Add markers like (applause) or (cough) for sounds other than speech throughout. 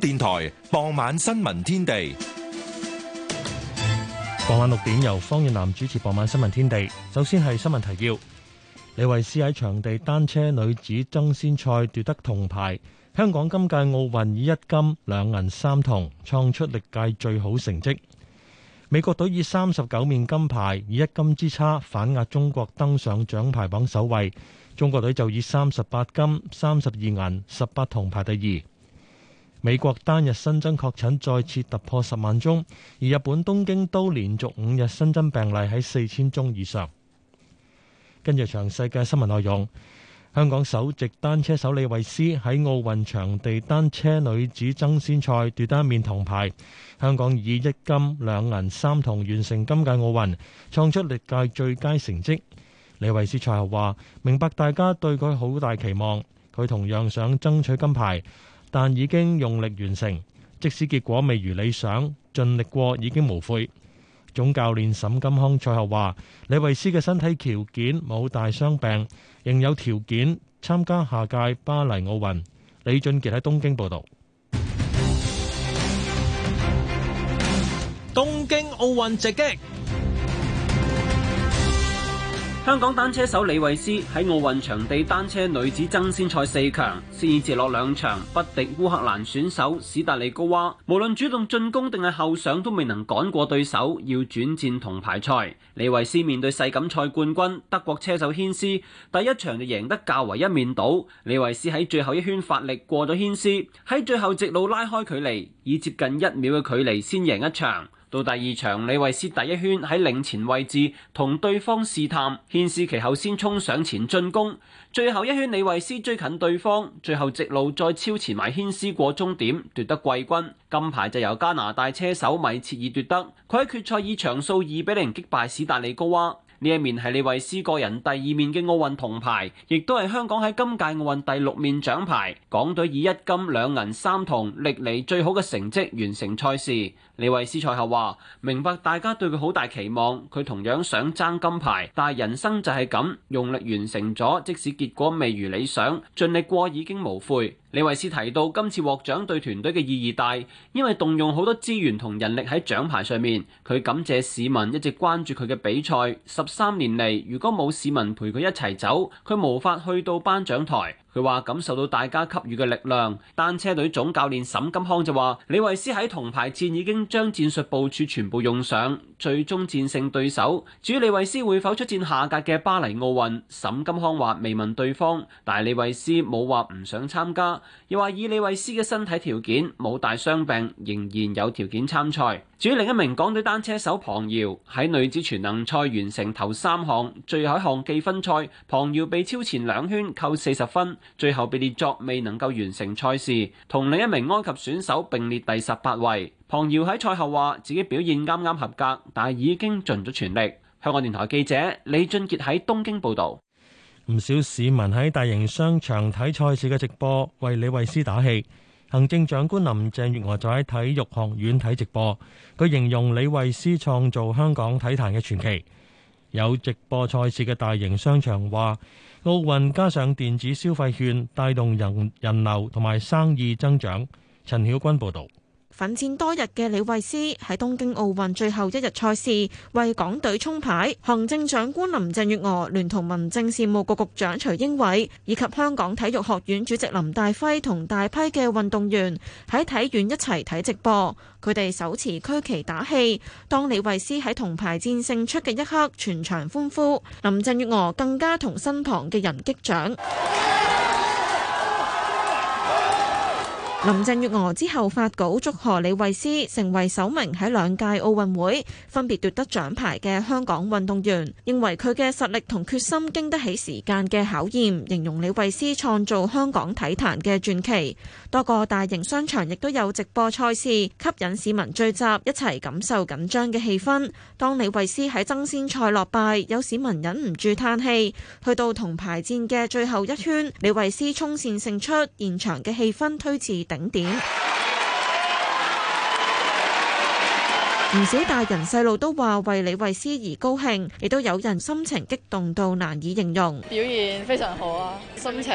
電台傍晚新聞天地，傍晚六點由方遠南主持。傍晚新聞天，天地，首先係新聞提要。李慧詩喺場地單車女子爭先賽奪得銅牌，香港今屆奧運以一金兩銀三銅創出歷屆最好成績。美國隊以三十九面金牌以一金之差反壓中國登上獎牌榜首位，中國隊就以三十八金三十二銀十八銅排第二。美國單日新增確診再次突破十萬宗，而日本東京都連續五日新增病例喺四千宗以上。跟住詳細嘅新聞內容，香港首席單車手李慧詩喺奧運場地單車女子爭先賽奪得一面銅牌，香港以一金兩銀三銅完成今屆奧運，創出歷屆最佳成績。李慧詩賽後話：明白大家對佢好大期望，佢同樣想爭取金牌。但已經用力完成，即使結果未如理想，盡力過已經無悔。總教練沈金康賽後話：李慧詩嘅身體條件冇大傷病，仍有條件參加下屆巴黎奧運。李俊傑喺東京報導。東京奧運直擊。香港單車手李維斯喺奧運場地單車女子爭先賽四強，先至落兩場不敵烏克蘭選手史達利高娃，無論主動進攻定係後上都未能趕過對手，要轉戰銅牌賽。李維斯面對世錦賽冠軍德國車手軒斯，第一場就贏得較為一面倒。李維斯喺最後一圈發力過咗軒斯，喺最後直路拉開距離，以接近一秒嘅距離先贏一場。到第二場，李慧詩第一圈喺領前位置同對方試探，軒斯其後先衝上前進攻。最後一圈，李慧詩追近對方，最後直路再超前埋軒斯過終點，奪得季軍。金牌就由加拿大車手米切爾奪得。佢喺決賽以場數二比零擊敗史達利高娃。呢一面係李慧詩個人第二面嘅奧運銅牌，亦都係香港喺今屆奧運第六面獎牌。港隊以一金兩銀三銅歷嚟最好嘅成績完成賽事。李慧詩賽後話：明白大家對佢好大期望，佢同樣想爭金牌，但係人生就係咁，用力完成咗，即使結果未如理想，盡力過已經無悔。李慧詩提到今次獲獎對團隊嘅意義大，因為動用好多資源同人力喺獎牌上面。佢感謝市民一直關注佢嘅比賽，十三年嚟，如果冇市民陪佢一齊走，佢無法去到頒獎台。佢話感受到大家給予嘅力量。單車隊總教練沈金康就話：李慧詩喺銅牌戰已經。將戰術部署全部用上，最終戰勝對手。至於李維斯會否出戰下屆嘅巴黎奧運？沈金康話未問對方，但李維斯冇話唔想參加，又話以李維斯嘅身體條件冇大傷病，仍然有條件參賽。至於另一名港隊單車手龐瑤喺女子全能賽完成頭三項，最後一項計分賽，龐瑤被超前兩圈扣四十分，最後被列作未能夠完成賽事，同另一名埃及選手並列第十八位。唐瑤喺賽後話自己表現啱啱合格，但係已經盡咗全力。香港電台記者李俊杰喺東京報道。唔少市民喺大型商場睇賽事嘅直播，為李慧詩打氣。行政長官林鄭月娥就喺體育學院睇直播，佢形容李慧詩創造香港體壇嘅傳奇。有直播賽事嘅大型商場話，奧運加上電子消費券帶動人人流同埋生意增長。陳曉君報道。奮戰多日嘅李慧詩喺東京奧運最後一日賽事為港隊衝牌，行政長官林鄭月娥聯同民政事務局局、局長徐英偉以及香港體育學院主席林大輝同大批嘅運動員喺體院一齊睇直播，佢哋手持區旗打氣。當李慧詩喺銅牌戰勝出嘅一刻，全場歡呼，林鄭月娥更加同身旁嘅人擊掌。 (laughs) 林鄭月娥之後發稿祝賀李慧詩成為首名喺兩屆奧運會分別奪得獎牌嘅香港運動員，認為佢嘅實力同決心經得起時間嘅考驗，形容李慧詩創造香港體壇嘅傳奇。多個大型商場亦都有直播賽事，吸引市民聚集一齊感受緊張嘅氣氛。當李慧詩喺爭先賽落敗，有市民忍唔住嘆氣。去到銅牌戰嘅最後一圈，李慧詩衝線勝出，現場嘅氣氛推至景點，唔少大人細路都話為李慧思而高興，亦都有人心情激動到難以形容。表現非常好啊，心情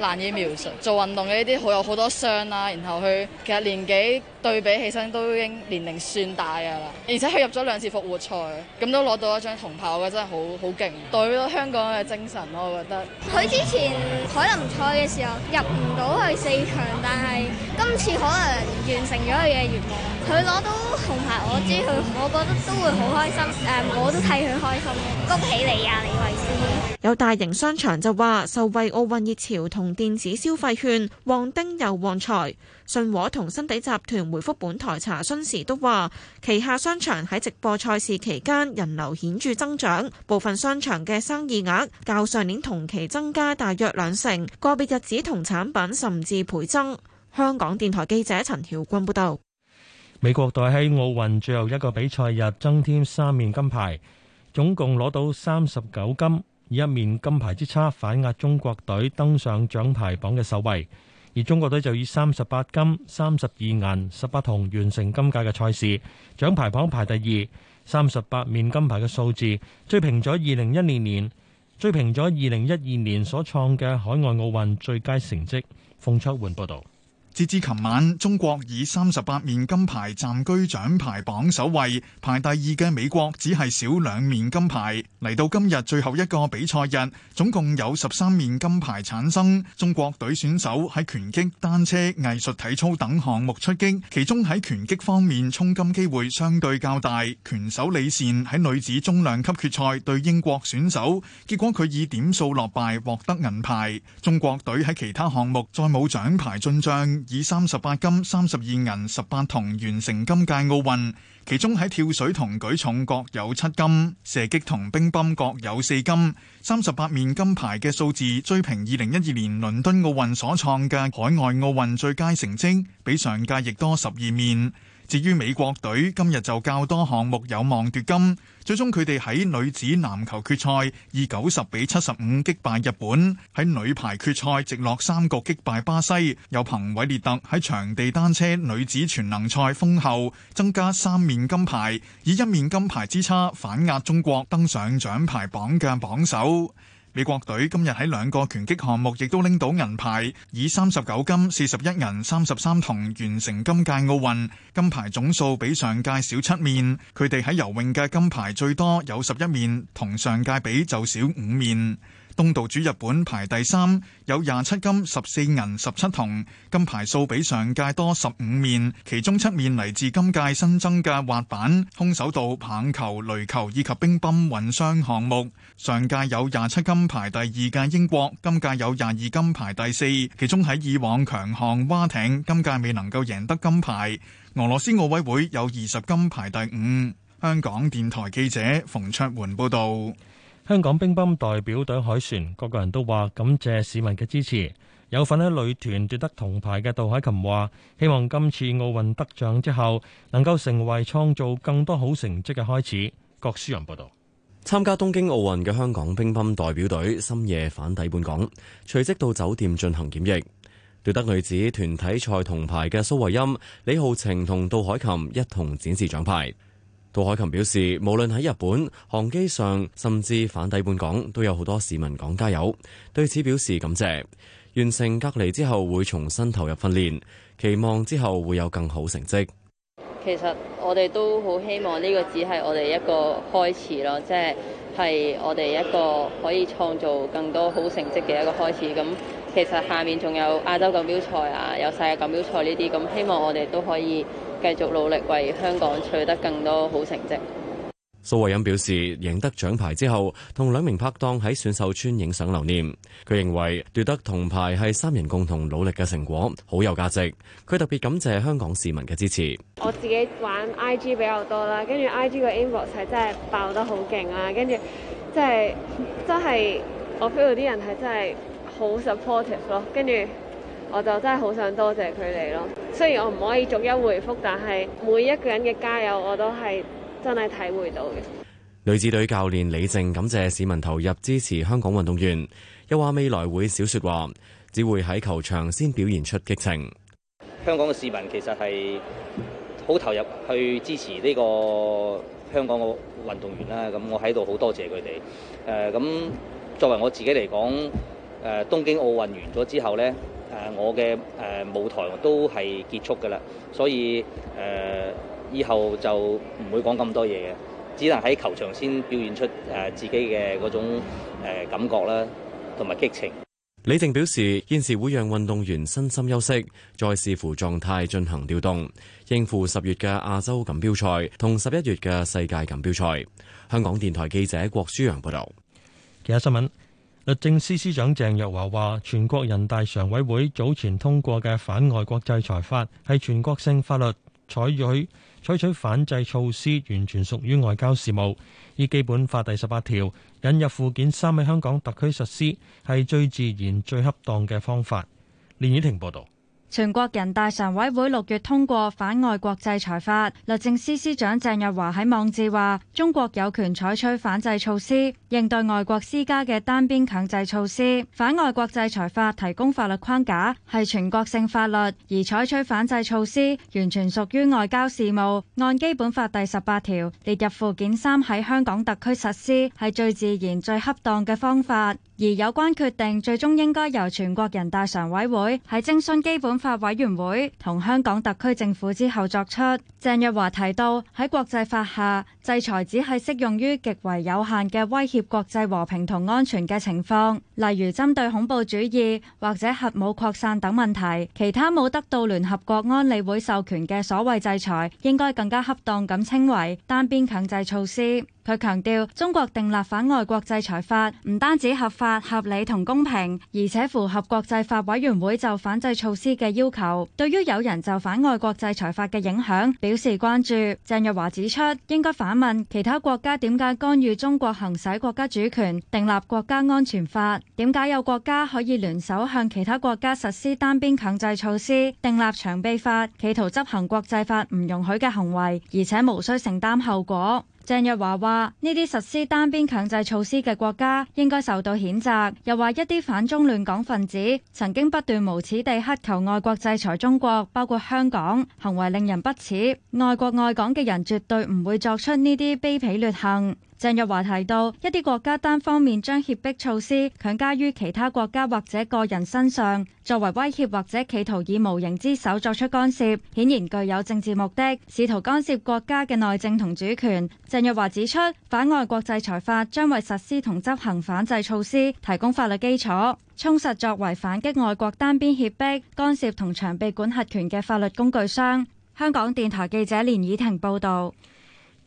難以描述。做運動嘅呢啲好有好多傷啦，然後佢其實年紀。對比起身都已經年齡算大嘅啦，而且佢入咗兩次復活賽，咁都攞到一張銅牌，我覺得真係好好勁，代表香港嘅精神咯，我覺得。佢之前海林賽嘅時候入唔到去四強，但係今次可能完成咗佢嘅願望，佢攞到銅牌，我知佢，我覺得都會好開心。誒，我都替佢開心，恭喜你啊，李慧詩！有大型商場就話受惠奧運熱潮同電子消費券旺丁又旺財。信和同新地集團回覆本台查詢時都話，旗下商場喺直播賽事期間人流顯著增長，部分商場嘅生意額較上年同期增加大約兩成，個別日子同產品甚至倍增。香港電台記者陳曉君報導。美國代表喺奧運最後一個比賽日增添三面金牌，總共攞到三十九金，以一面金牌之差反壓中國隊登上獎牌榜嘅首位。而中國隊就以三十八金、三十二銀、十八銅完成今屆嘅賽事，獎牌榜排第二，三十八面金牌嘅數字追平咗二零一二年，追平咗二零一二年所創嘅海外奧運最佳成績。馮卓媛報道。截至琴晚，中國以三十八面金牌暫居獎牌榜首位，排第二嘅美國只係少兩面金牌。嚟到今日最後一個比賽日，總共有十三面金牌產生。中國隊選手喺拳擊、單車、藝術體操等項目出擊，其中喺拳擊方面衝金機會相對較大。拳手李倩喺女子中量級決賽對英國選手，結果佢以點數落敗，獲得銀牌。中國隊喺其他項目再冇獎牌進賬。以三十八金、三十二銀、十八銅完成今屆奧運，其中喺跳水同舉重各有七金，射擊同乒乓各有四金，三十八面金牌嘅數字追平二零一二年倫敦奧運所創嘅海外奧運最佳成績，比上屆亦多十二面。至於美國隊今日就較多項目有望奪金，最終佢哋喺女子籃球決賽以九十比七十五擊敗日本；喺女排決賽直落三局擊敗巴西，有憑韋列特喺場地單車女子全能賽封后，增加三面金牌，以一面金牌之差反壓中國登上獎牌榜嘅榜首。美國隊今日喺兩個拳擊項目亦都拎到銀牌，以三十九金、四十一銀、三十三銅完成今屆奧運，金牌總數比上屆少七面。佢哋喺游泳嘅金牌最多有十一面，同上屆比就少五面。東道主日本排第三，有廿七金、十四銀、十七銅，金牌數比上屆多十五面，其中七面嚟自今屆新增嘅滑板、空手道、棒球、壘球以及乒乓混雙項目。上屆有廿七金排第二嘅英國，今屆有廿二金排第四，其中喺以往強項蛙艇，今屆未能夠贏得金牌。俄羅斯奧委會有二十金排第五。香港電台記者馮卓媛報道。香港乒乓代表隊凱旋，個個人都話感謝市民嘅支持。有份喺女團奪得銅牌嘅杜海琴話，希望今次奧運得獎之後，能夠成為創造更多好成績嘅開始。郭書陽報道。參加東京奧運嘅香港乒乓代表隊深夜返抵本港，隨即到酒店進行檢疫。奪得女子團體賽銅牌嘅蘇慧音、李浩晴同杜海琴一同展示獎牌。杜凱琹表示，無論喺日本、航機上，甚至返抵本港，都有好多市民講加油，對此表示感謝。完成隔離之後會重新投入訓練，期望之後會有更好成績。其實，我哋都好希望呢個只係我哋一個開始咯，即係，係我哋一個可以創造更多好成績嘅一個開始。咁其實下面仲有亞洲錦標賽啊，有世界錦標賽呢啲，咁希望我哋都可以。繼續努力為香港取得更多好成績。蘇慧音表示，贏得獎牌之後，同兩名拍檔喺選手村影相留念。佢認為奪得銅牌係三人共同努力嘅成果，好有價值。佢特別感謝香港市民嘅支持。我自己玩 IG 比較多啦，跟住 IG 個 inbox 係真係爆得好勁呀，跟住即係都係我 feel 到啲人係真係好 supportive 咯，跟住。我就真係好想多謝佢哋咯。雖然我唔可以逐一回覆，但係每一個人嘅加油我都係真係體會到嘅。女子隊教練李靖感謝市民投入支持香港運動員，又話未來會小説話，只會喺球場先表現出激情。香港嘅市民其實係好投入去支持呢個香港嘅運動員啦。咁我喺度好多謝佢哋。誒、呃、咁作為我自己嚟講，誒、呃、東京奧運完咗之後呢。誒，我嘅誒舞台都係結束㗎喇，所以誒、呃，以後就唔會講咁多嘢嘅，只能喺球場先表現出誒自己嘅嗰種、呃、感覺啦，同埋激情。李靖表示，現時會讓運動員身心休息，再視乎狀態進行調動，應付十月嘅亞洲錦標賽同十一月嘅世界錦標賽。香港電台記者郭舒揚報道。其他新聞。律政司司長鄭若驊話，全國人大常委會早前通過嘅反外國制裁法係全國性法律採，採取採取反制措施完全屬於外交事務。以基本法第十八條引入附件三喺香港特區實施係最自然、最恰當嘅方法。連綺婷報道。全國人大常委會六月通過反外國制裁法，律政司司長鄭若驊喺網誌話：中國有權採取反制措施應對外國施加嘅單邊強制措施。反外國制裁法提供法律框架，係全國性法律，而採取反制措施完全屬於外交事務。按基本法第十八條列入附件三喺香港特區實施係最自然、最恰當嘅方法。而有關決定最終應該由全國人大常委會喺徵詢基本，法委員會同香港特區政府之後作出。鄭若驊提到，喺國際法下，制裁只係適用於極為有限嘅威脅國際和平同安全嘅情況，例如針對恐怖主義或者核武擴散等問題。其他冇得到聯合國安理會授權嘅所謂制裁，應該更加恰當咁稱為單邊強制措施。佢強調，中國訂立反外國制裁法唔單止合法、合理同公平，而且符合國際法委員會就反制措施嘅要求。對於有人就反外國制裁法嘅影響表示關注，鄭若驊指出應該反。問其他國家點解干預中國行使國家主權，訂立國家安全法？點解有國家可以聯手向其他國家實施單邊強制措施，訂立長臂法，企圖執行國際法唔容許嘅行為，而且無需承擔後果？鄭若驊話：呢啲實施單邊強制措施嘅國家應該受到譴責。又話一啲反中亂港分子曾經不斷無恥地乞求外國制裁中國，包括香港，行為令人不齒。愛國愛港嘅人絕對唔會作出呢啲卑鄙劣行。鄭若驊提到，一啲國家單方面將脅迫措施強加於其他國家或者個人身上，作為威脅或者企圖以無形之手作出干涉，顯然具有政治目的，試圖干涉國家嘅內政同主權。鄭若驊指出，反外國制裁法將為實施同執行反制措施提供法律基礎，充實作為反擊外國單邊脅迫、干涉同長臂管轄權嘅法律工具箱。香港電台記者連以婷報道。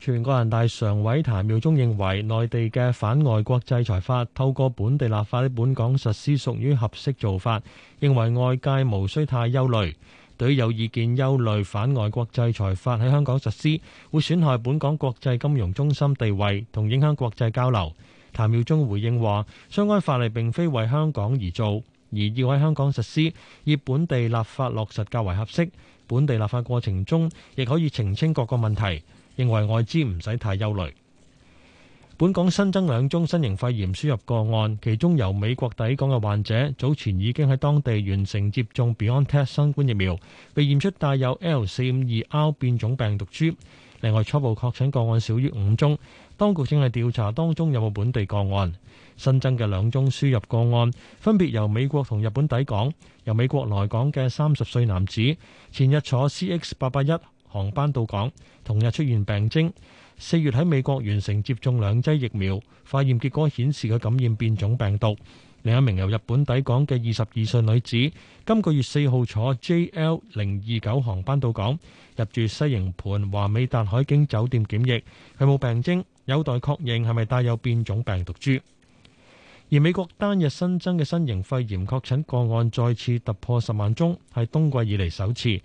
全國人大常委譚耀宗認為，內地嘅反外國制裁法透過本地立法喺本港實施，屬於合適做法。認為外界無需太憂慮。對於有意見憂慮反外國制裁法喺香港實施會損害本港國際金融中心地位同影響國際交流。譚耀宗回應話：相關法例並非為香港而做，而要喺香港實施，以本地立法落實較為合適。本地立法過程中，亦可以澄清各個問題。認為外資唔使太憂慮。本港新增兩宗新型肺炎輸入個案，其中由美國抵港嘅患者早前已經喺當地完成接種 BioNTech 新冠疫苗，被驗出帶有 L 四五二 R 變種病毒株。另外，初步確診個案少於五宗，當局正係調查當中有冇本地個案。新增嘅兩宗輸入個案分別由美國同日本抵港，由美國來港嘅三十歲男子前日坐 CX 八八一航班到港。同日出現病徵，四月喺美國完成接種兩劑疫苗，化驗結果顯示佢感染變種病毒。另一名由日本抵港嘅二十二歲女子，今個月四號坐 JL 零二九航班到港，入住西營盤華美達海景酒店檢疫，佢冇病徵，有待確認係咪帶有變種病毒株。而美國單日新增嘅新型肺炎確診個案再次突破十萬宗，係冬季以嚟首次。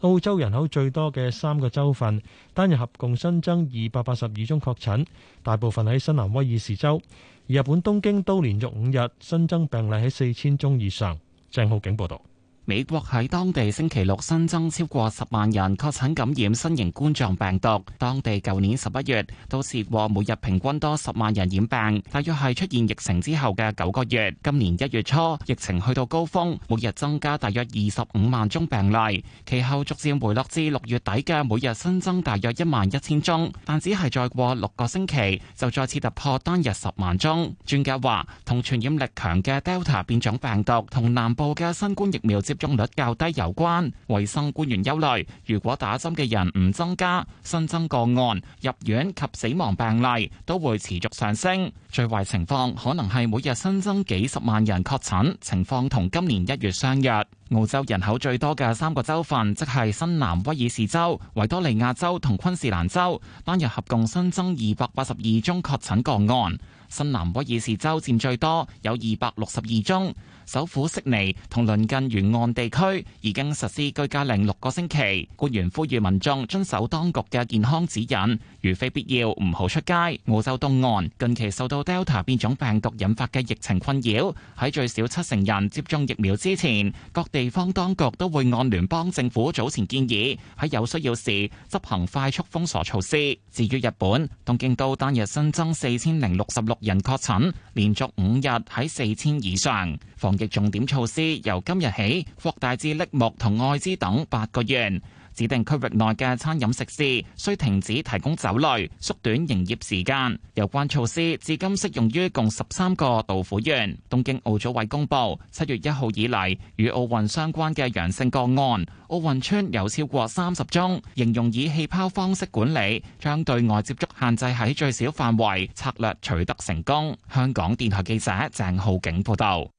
澳洲人口最多嘅三個州份，單日合共新增二百八十二宗確診，大部分喺新南威爾士州。而日本東京都連續五日新增病例喺四千宗以上。鄭浩景報導。美國喺當地星期六新增超過十萬人確診感染新型冠狀病毒。當地舊年十一月都試過每日平均多十萬人染病，大約係出現疫情之後嘅九個月。今年一月初疫情去到高峰，每日增加大約二十五萬宗病例，其後逐漸回落至六月底嘅每日新增大約一萬一千宗，但只係再過六個星期就再次突破單日十萬宗。專家話，同傳染力強嘅 Delta 變種病毒同南部嘅新冠疫苗。接種率較低有關，衛生官員憂慮，如果打針嘅人唔增加，新增個案、入院及死亡病例都會持續上升。最壞情況可能係每日新增幾十萬人確診，情況同今年一月相約。澳洲人口最多嘅三個州份，即係新南威爾士州、維多利亞州同昆士蘭州，單日合共新增二百八十二宗確診個案，新南威爾士州佔最多，有二百六十二宗。首府悉尼同鄰近沿岸地區已經實施居家令六個星期。官員呼籲民眾遵守當局嘅健康指引，如非必要唔好出街。澳洲東岸近期受到 Delta 變種病毒引發嘅疫情困擾，喺最少七成人接種疫苗之前，各地方當局都會按聯邦政府早前建議，喺有需要時執行快速封鎖措施。至於日本，東京都單日新增四千零六十六人確診，連續五日喺四千以上。防疫重點措施由今日起擴大至栃木同愛知等八個縣指定區域內嘅餐飲食肆，需停止提供酒類，縮短營業時間。有關措施至今適用於共十三個道府縣。東京奧組委公布七月一號以嚟與奧運相關嘅陽性個案，奧運村有超過三十宗，形容以氣泡方式管理，將對外接觸限制喺最小範圍策略取得成功。香港電台記者鄭浩景報道。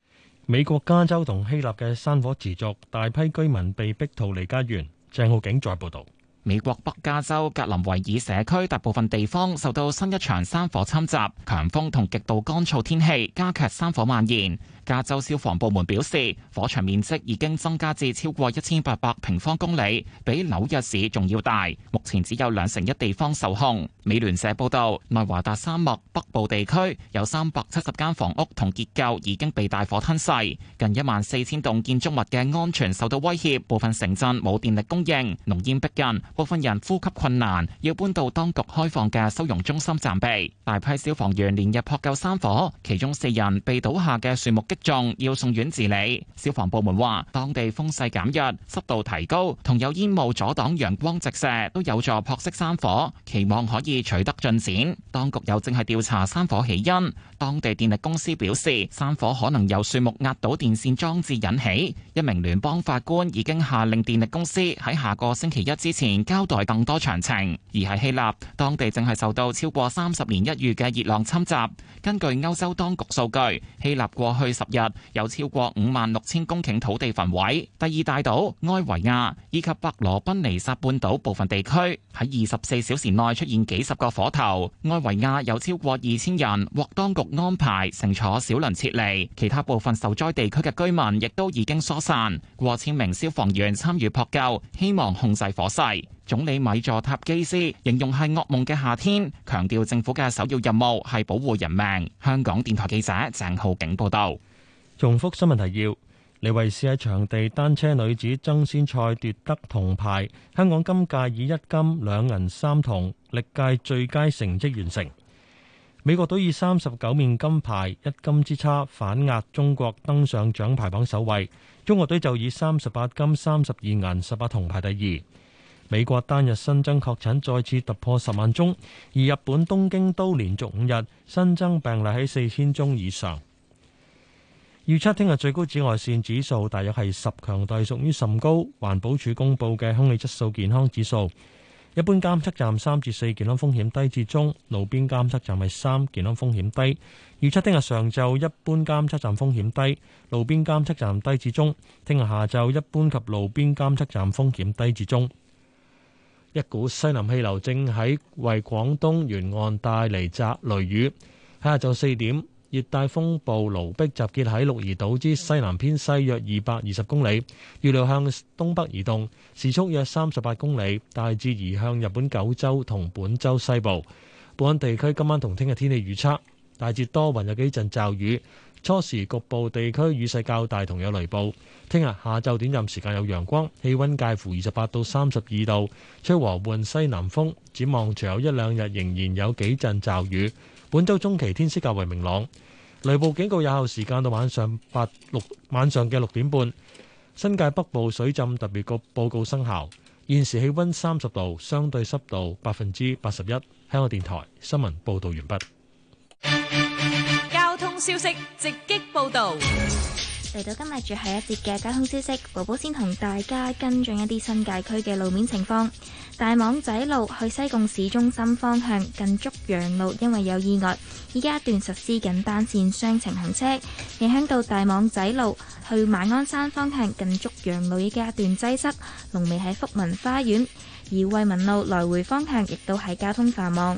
美國加州同希臘嘅山火持續，大批居民被迫逃離家園。鄭浩景再報道：美國北加州格林維爾社區大部分地方受到新一場山火侵襲，強風同極度乾燥天氣加劇山火蔓延。加州消防部門表示，火場面積已經增加至超過一千八百平方公里，比紐約市仲要大。目前只有兩成一地方受控。美聯社報道，內華達沙漠北部地區有三百七十間房屋同結構已經被大火吞噬，近一萬四千棟建築物嘅安全受到威脅，部分城鎮冇電力供應，濃煙逼近，部分人呼吸困難，要搬到當局開放嘅收容中心暫避。大批消防員連日撲救山火，其中四人被倒下嘅樹木擊中，要送院治理。消防部門話，當地風勢減弱、濕度提高同有煙霧阻擋陽光直射，都有助撲熄山火，期望可以取得進展。當局又正係調查山火起因。當地電力公司表示，山火可能由樹木壓倒電線裝置引起。一名聯邦法官已經下令電力公司喺下個星期一之前交代更多詳情。而喺希臘，當地正係受到超過三十年一遇嘅熱浪侵襲。根據歐洲當局數據，希臘過去。十日有超過五萬六千公頃土地焚毀，第二大島埃維亞以及伯羅奔尼撒半島部分地區喺二十四小時內出現幾十個火頭。埃維亞有超過二千人獲當局安排乘坐小輪撤離，其他部分受災地區嘅居民亦都已經疏散。過千名消防員參與撲救，希望控制火勢。總理米佐塔基斯形容係噩夢嘅夏天，強調政府嘅首要任務係保護人命。香港電台記者鄭浩景報道。重複新聞提要：李慧詩喺場地單車女子爭先賽奪得銅牌，香港今屆以一金兩銀三銅，歷屆最佳成績完成。美國隊以三十九面金牌一金之差反壓中國登上獎牌榜首位，中國隊就以三十八金三十二銀十八銅排第二。美國單日新增確診再次突破十萬宗，而日本東京都連續五日新增病例喺四千宗以上。預測聽日最高紫外線指數大約係十，強度屬於甚高。環保署公布嘅空氣質素健康指數，一般監測站三至四，健康風險低至中；路邊監測站係三，健康風險低。預測聽日上晝一般監測站風險低，路邊監測站低至中。聽日下晝一般及路邊監測站風險低至中。一股西南氣流正喺為廣東沿岸帶嚟摘雷雨。喺下晝四點。熱帶風暴盧碧集結喺鹿兒島之西南偏西約二百二十公里，預料向東北移動，時速約三十八公里，大致移向日本九州同本州西部。本地區今晚同聽日天氣預測，大致多雲有幾陣驟雨，初時局部地區雨勢較大同有雷暴。聽日下晝短暫時間有陽光，氣溫介乎二十八到三十二度，吹和緩西南風。展望隨後一兩日仍然有幾陣驟雨。本周中期天色較為明朗，雷暴警告有效時間到晚上八六晚上嘅六點半。新界北部水浸特別局報告生效。現時氣溫三十度，相對濕度百分之八十一。香港電台新聞報道完畢。交通消息直擊報道。嚟到今日，最後一節嘅交通消息。寶寶先同大家跟進一啲新界區嘅路面情況。大網仔路去西貢市中心方向近竹洋路，因為有意外，依家一段實施緊單線雙程行車，影響到大網仔路去馬鞍山方向近竹洋路依家一段擠塞，龍尾喺福民花園。而惠民路來回方向亦都係交通繁忙。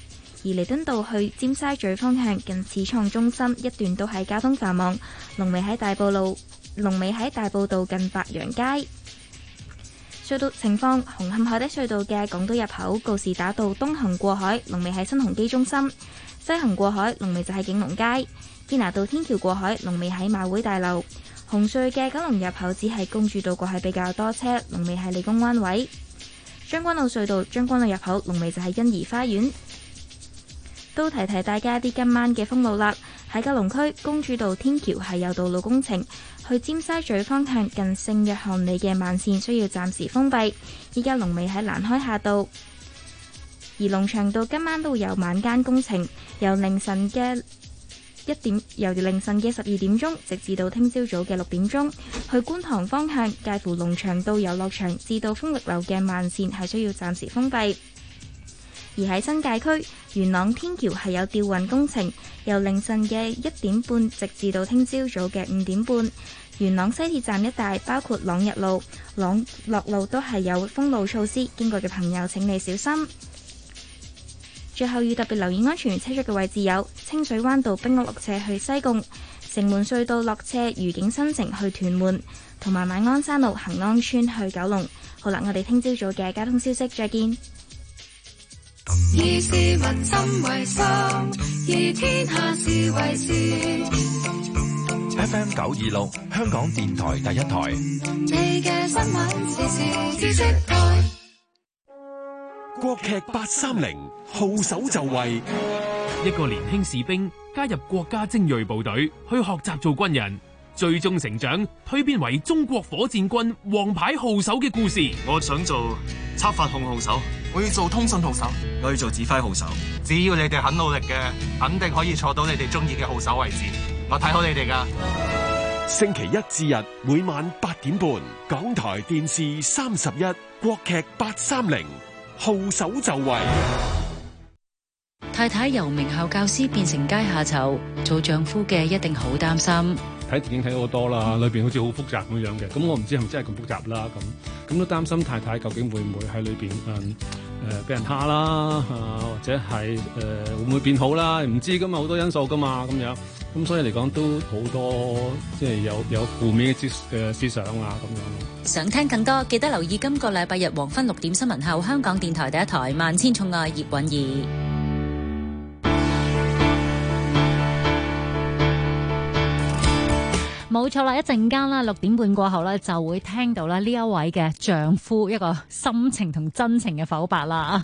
而彌敦道去尖沙咀方向近始創中心一段都係交通繁忙，龍尾喺大埔路，龍尾喺大埔道近白洋街。隧道情況：紅磡海底隧道嘅港島入口告士打道東行過海，龍尾喺新鴻基中心；西行過海，龍尾就喺景隆街。堅拿道天橋過海，龍尾喺馬會大樓。紅隧嘅九龍入口只係公主道過去比較多車，龍尾喺理工灣位。將軍澳隧道，將軍澳入口，龍尾就喺欣怡花園。都提提大家啲今晚嘅封路啦。喺九龍區公主道天橋係有道路工程，去尖沙咀方向近聖約翰里嘅慢綫需要暫時封閉。依家龍尾喺蘭開夏道，而龍翔道今晚都會有晚間工程，由凌晨嘅一點，由凌晨嘅十二點鐘直至到聽朝早嘅六點鐘，去觀塘方向介乎龍翔道遊樂場至到風力樓嘅慢綫係需要暫時封閉。而喺新界區元朗天橋係有吊運工程，由凌晨嘅一點半直至到聽朝早嘅五點半。元朗西鐵站一帶，包括朗日路、朗樂路，都係有封路措施，經過嘅朋友請你小心。最後要特別留意安全行車出嘅位置有清水灣道、兵屋落斜去西貢、城門隧道落車愉景新城去屯門，同埋馬鞍山路恆安邨去九龍。好啦，我哋聽朝早嘅交通消息，再見。以市民心為心，以天下事為事。FM 九二六，香港電台第一台。你嘅新聞時事知台。國劇八三零，號手就位。一個年輕士兵加入國家精銳部隊，去學習做軍人。最終成長，蛻變為中國火箭軍王牌號手嘅故事。我想做測發控號手，我要做通訊號手，我要做指揮號手。只要你哋肯努力嘅，肯定可以坐到你哋中意嘅號手位置。我睇好你哋噶。星期一至日每晚八點半，港台電視三十一，國劇八三零號，手就位。太太由名校教師變成階下囚，做丈夫嘅一定好擔心。睇電影睇好多啦，裏邊好似好複雜咁樣嘅，咁我唔知係咪真係咁複雜啦，咁咁都擔心太太究竟會唔會喺裏邊誒誒俾人蝦啦，啊、呃、或者係誒、呃、會唔會變好啦？唔知噶嘛，好多因素噶嘛，咁樣咁所以嚟講都好多即係有有負面嘅思嘅思想啊咁樣。想聽更多，記得留意今個禮拜日黃昏六點新聞後，香港電台第一台《萬千寵愛》葉韻儀。冇錯啦，一陣間啦，六點半過後咧，就會聽到咧呢一位嘅丈夫一個心情同真情嘅剖白啦。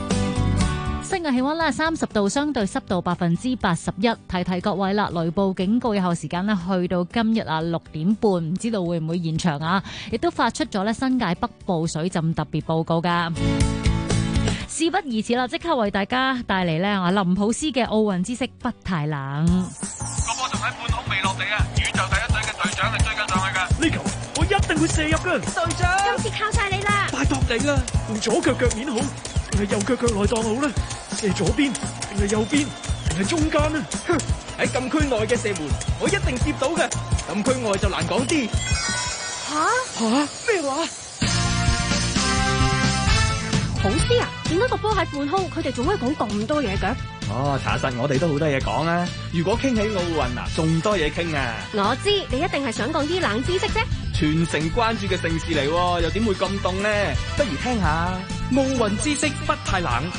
(music) 室外氣溫咧三十度，相對濕度百分之八十一。提提各位啦，雷暴警告嘅後時間咧，去到今日啊六點半，唔知道會唔會延長啊？亦都發出咗咧新界北部水浸特別報告噶。 (music) 事不宜遲啦，即刻為大家帶嚟咧林普斯嘅奧運知識，不太冷。會射入噶，隊長，今次靠晒你啦！拜託你啦，用左腳腳面好，定係右腳腳內盪好咧？射左邊定係右邊，定係中間咧？哼！喺禁區內嘅射門，我一定接到嘅。禁區外就難講啲。吓吓咩話？老師啊，點解個波喺半空，佢哋仲可以講咁多嘢噶？哦，查實我哋都好多嘢講啊！如果傾起奧運啊，仲多嘢傾啊！我知你一定係想講啲冷知識啫。全城關注嘅盛事嚟，又點會咁凍咧？不如聽下奧運知識不太冷。